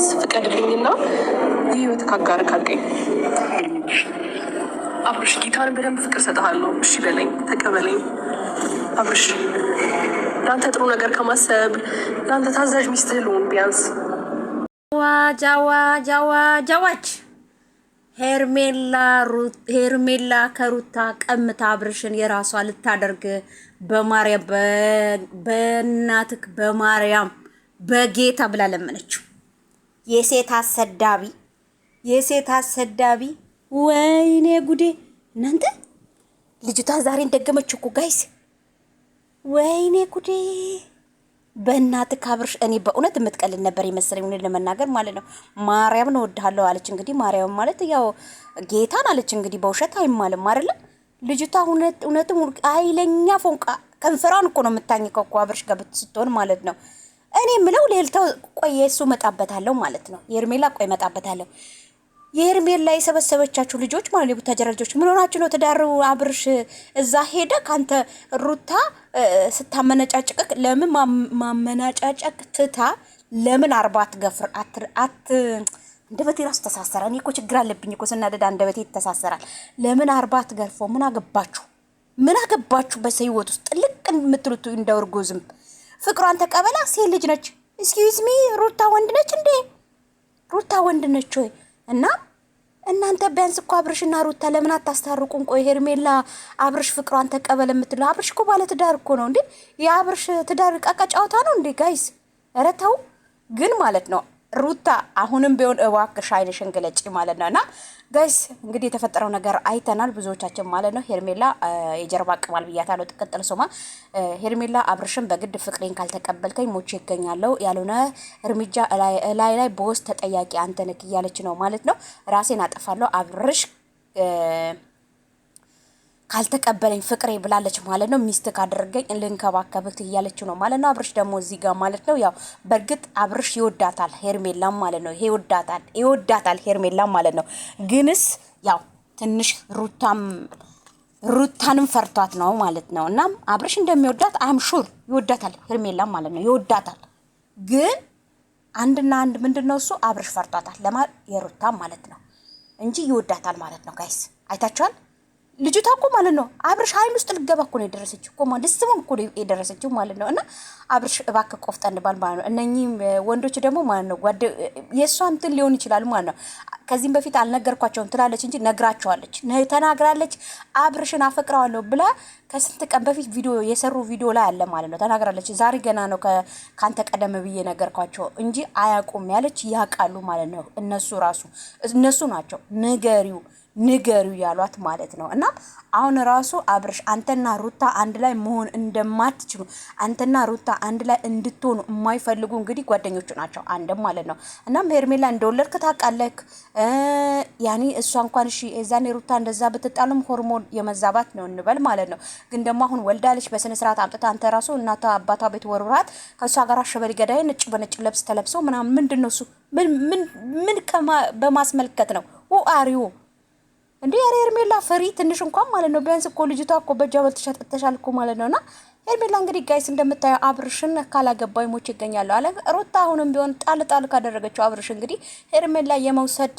ቢያንስ ፍቀድልኝና የህይወት ካጋር ካልቀኝ አብርሽ ጌታን በደንብ ፍቅር ሰጠሃለሁ። እሺ በለኝ፣ ተቀበለኝ። አብርሽ ለአንተ ጥሩ ነገር ከማሰብ ለአንተ ታዛዥ ሚስትህ ልሁን ቢያንስ። ጃዋ ጃዋ ጃዋች ሄርሜላ ከሩታ ቀምታ አብርሽን የራሷ ልታደርግ በማርያም በእናትክ በማርያም በጌታ ብላ ለመነችው። የሴት አሰዳቢ የሴት አሰዳቢ ወይኔ ጉዴ እናንተ ልጅቷ ዛሬ እንደገመች እኮ ጋይስ ወይኔ ጉዴ በእናት ካብርሽ እኔ በእውነት የምትቀልል ነበር የመሰለኝ ሁኔ ለመናገር ማለት ነው ማርያም ነው ወድሃለሁ አለች እንግዲህ ማርያም ማለት ያው ጌታን አለች እንግዲህ በውሸት አይማልም አይደለም ልጅቷ እውነትም አይለኛ ፎንቃ ከንፈሯን እኮ ነው የምታኝከው እኮ አብርሽ ጋር ስትሆን ማለት ነው እኔ ምለው ሌልተው ቆየ እሱ መጣበታለሁ ማለት ነው። የሄርሜላ ቆይ መጣበታለሁ። ላይ የሰበሰበቻችሁ ልጆች ማለት ነው፣ ቡታጀራ ልጆች ምን ሆናችሁ ነው? ትዳሩ አብርሽ እዛ ሄደ ካንተ ሩታ ስታመነጫጭቅ ለምን ማመናጫጨቅ ትታ ለምን አርባ አትገፍር አት አንደበቴ ራሱ ተሳሰረ። እኔ እኮ ችግር አለብኝ እኮ ስናደዳ አንደበቴ ይተሳሰራል። ለምን አርባ አትገርፎ? ምን አገባችሁ? ምን አገባችሁ? በሰው ህይወት ውስጥ ጥልቅ የምትሉት እንደ እርጎ ዝንብ ፍቅሯን ተቀበላ። ሴት ልጅ ነች። እስኪዩዝ ሚ ሩታ ወንድ ነች እንዴ? ሩታ ወንድ ነች ወይ? እና እናንተ ቢያንስ እኮ አብርሽና ሩታ ለምን አታስታርቁም? ቆይ ሄርሜላ አብርሽ ፍቅሯን ተቀበለ የምትለው አብርሽ እኮ ባለ ትዳር እኮ ነው እንዴ? የአብርሽ ትዳር ቃቃ ጨዋታ ነው እንዴ? ጋይስ ረተው ግን ማለት ነው ሩታ አሁንም ቢሆን እባክሽ ዓይንሽን ግለጪ ማለት ነው። እና ጋይስ እንግዲህ የተፈጠረው ነገር አይተናል ብዙዎቻችን ማለት ነው። ሄርሜላ የጀርባ ቅማል ብያታለሁ። ጥቅጥል ሶማ ሄርሜላ አብርሽን በግድ ፍቅሬን ካልተቀበልከኝ ሞቼ ይገኛለሁ ያልሆነ እርምጃ ላይ ላይ በውስጥ ተጠያቂ አንተ ነህ እያለች ነው ማለት ነው። ራሴን አጠፋለሁ አብርሽ ካልተቀበለኝ ፍቅሬ ብላለች ማለት ነው። ሚስት ካደረገኝ ልንከባከብት እያለችው ነው ማለት ነው። አብርሽ ደግሞ እዚህ ጋር ማለት ነው ያው በእርግጥ አብርሽ ይወዳታል ሄርሜላም ማለት ነው። ይወዳታል ይወዳታል ሄርሜላም ማለት ነው። ግንስ ያው ትንሽ ሩታም ሩታንም ፈርቷት ነው ማለት ነው። እና አብርሽ እንደሚወዳት አም ሹር ይወዳታል ሄርሜላም ማለት ነው። ይወዳታል ግን አንድና አንድ ምንድን ነው እሱ አብርሽ ፈርቷታል ለማ የሩታም ማለት ነው እንጂ ይወዳታል ማለት ነው። ጋይስ አይታችኋል። ልጅቷ እኮ ማለት ነው አብርሽ ኃይል ውስጥ ልገባ እኮ ነው የደረሰችው እኮ ማለት ስሙን እኮ የደረሰችው ማለት ነው። እና አብርሽ እባክህ ቆፍጠን ባል ማለት ነው። እነኚህም ወንዶች ደግሞ ማለት ነው የእሷ እንትን ሊሆን ይችላል ማለት ነው። ከዚህም በፊት አልነገርኳቸውም ትላለች እንጂ ነግራቸዋለች፣ ተናግራለች። አብርሽን አፈቅረዋለሁ ብላ ከስንት ቀን በፊት ቪዲዮ የሰሩ ቪዲዮ ላይ አለ ማለት ነው ተናግራለች። ዛሬ ገና ነው ከአንተ ቀደም ብዬ ነገርኳቸው እንጂ አያውቁም ያለች ያውቃሉ ማለት ነው። እነሱ ራሱ እነሱ ናቸው ንገሪው ንገሩ ያሏት ማለት ነው። እና አሁን ራሱ አብርሽ አንተና ሩታ አንድ ላይ መሆን እንደማትችሉ አንተና ሩታ አንድ ላይ እንድትሆኑ የማይፈልጉ እንግዲህ ጓደኞቹ ናቸው አንድም ማለት ነው። እናም ሄርሜላ እንደወለድክ ታውቃለህ። ያኔ እሷ እንኳን እሺ የዛኔ ሩታ እንደዛ ብትጣሉም ሆርሞን የመዛባት ነው እንበል ማለት ነው። ግን ደግሞ አሁን ወልዳለች በስነ ስርዓት አምጥታ አንተ ራሱ እናቷ አባቷ ቤት ወርራት ከእሷ ጋር አሸበሪ ገዳይ ነጭ በነጭ ለብስ ተለብሰው ምናምን ምንድን ነው እሱ ምን በማስመልከት ነው ሁ አሪው እንዴ ያሬ ሄርሜላ ፈሪ ትንሽ እንኳን ማለት ነው። ቢያንስ እኮ ልጅቷ እኮ በእጇ በልተሸጠተሻል እኮ ማለት ነው። እና ሄርሜላ እንግዲህ ጋይስ እንደምታየው አብርሽን ካላገባይ ሞች ይገኛሉ አለ ሮታ። አሁንም ቢሆን ጣል ጣል ካደረገችው አብርሽ እንግዲህ ሄርሜላ የመውሰድ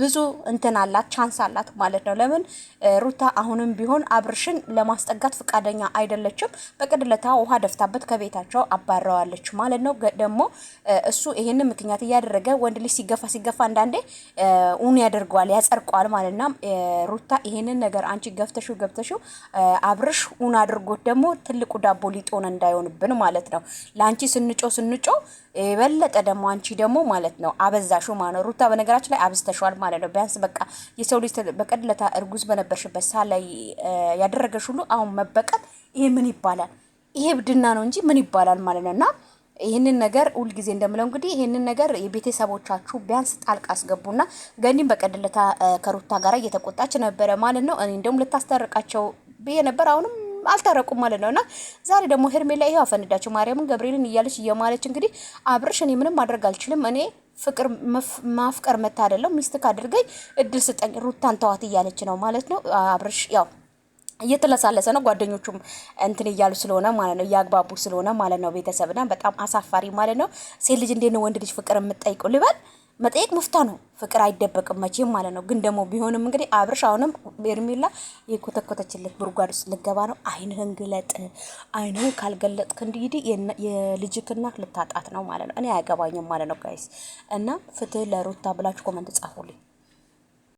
ብዙ እንትን አላት ቻንስ አላት ማለት ነው። ለምን ሩታ አሁንም ቢሆን አብርሽን ለማስጠጋት ፈቃደኛ አይደለችም። በቅድለታ ውሃ ደፍታበት ከቤታቸው አባረዋለች ማለት ነው። ደግሞ እሱ ይሄንን ምክንያት እያደረገ ወንድ ልጅ ሲገፋ ሲገፋ አንዳንዴ ውን ያደርገዋል ያጸርቋል ማለት ና ሩታ ይሄንን ነገር አንቺ ገፍተሽው ገብተሽው አብርሽ ውን አድርጎት ደግሞ ትልቁ ዳቦ ሊጦን እንዳይሆንብን ማለት ነው። ለአንቺ ስንጮ ስንጮ የበለጠ ደግሞ አንቺ ደግሞ ማለት ነው አበዛሹ ማለት ሩታ በነገራችን ላይ አብዝተሸዋል ይሆናል ማለት ነው። ቢያንስ በቃ የሰው ልጅ በቀድለታ እርጉዝ በነበርሽበት ሳ ላይ ያደረገሽ ሁሉ አሁን መበቀል ይሄ ምን ይባላል? ይሄ ብድና ነው እንጂ ምን ይባላል ማለት ነው። እና ይህንን ነገር ሁልጊዜ እንደምለው እንግዲህ ይህንን ነገር የቤተሰቦቻችሁ ቢያንስ ጣልቃ አስገቡና ገኒም በቀድለታ ከሩታ ጋር እየተቆጣች ነበረ ማለት ነው። እኔ እንደውም ልታስታርቃቸው ብዬ ነበር አሁንም አልታረቁም ማለት ነው እና ዛሬ ደግሞ ሄርሜላ ይሄው አፈንዳቸው ማርያምን ገብርኤልን እያለች እየማለች እንግዲህ አብርሽ እኔ ምንም ማድረግ አልችልም እኔ ፍቅር ማፍቀር መታ አይደለም ሚስትክ አድርገኝ እድል ስጠኝ ሩታን ተዋት እያለች ነው ማለት ነው። አብርሽ ያው እየተለሳለሰ ነው። ጓደኞቹም እንትን እያሉ ስለሆነ ማለት ነው እያግባቡ ስለሆነ ማለት ነው ቤተሰብና በጣም አሳፋሪ ማለት ነው። ሴት ልጅ እንዴት ነው ወንድ ልጅ ፍቅር የምጠይቀው ልበል መጠየቅ መፍታ ነው። ፍቅር አይደበቅም መቼም ማለት ነው። ግን ደግሞ ቢሆንም እንግዲህ አብርሽ አሁንም ሄርሜላ የኮተኮተችልህ ጉድጓድ ውስጥ ልገባ ነው። አይንህን ግለጥ። አይንህን ካልገለጥክ እንግዲህ የልጅክና ልታጣት ነው ማለት ነው። እኔ አያገባኝም ማለት ነው ጋይስ። እና ፍትህ ለሩታ ብላችሁ ኮመንት ጻፉልኝ።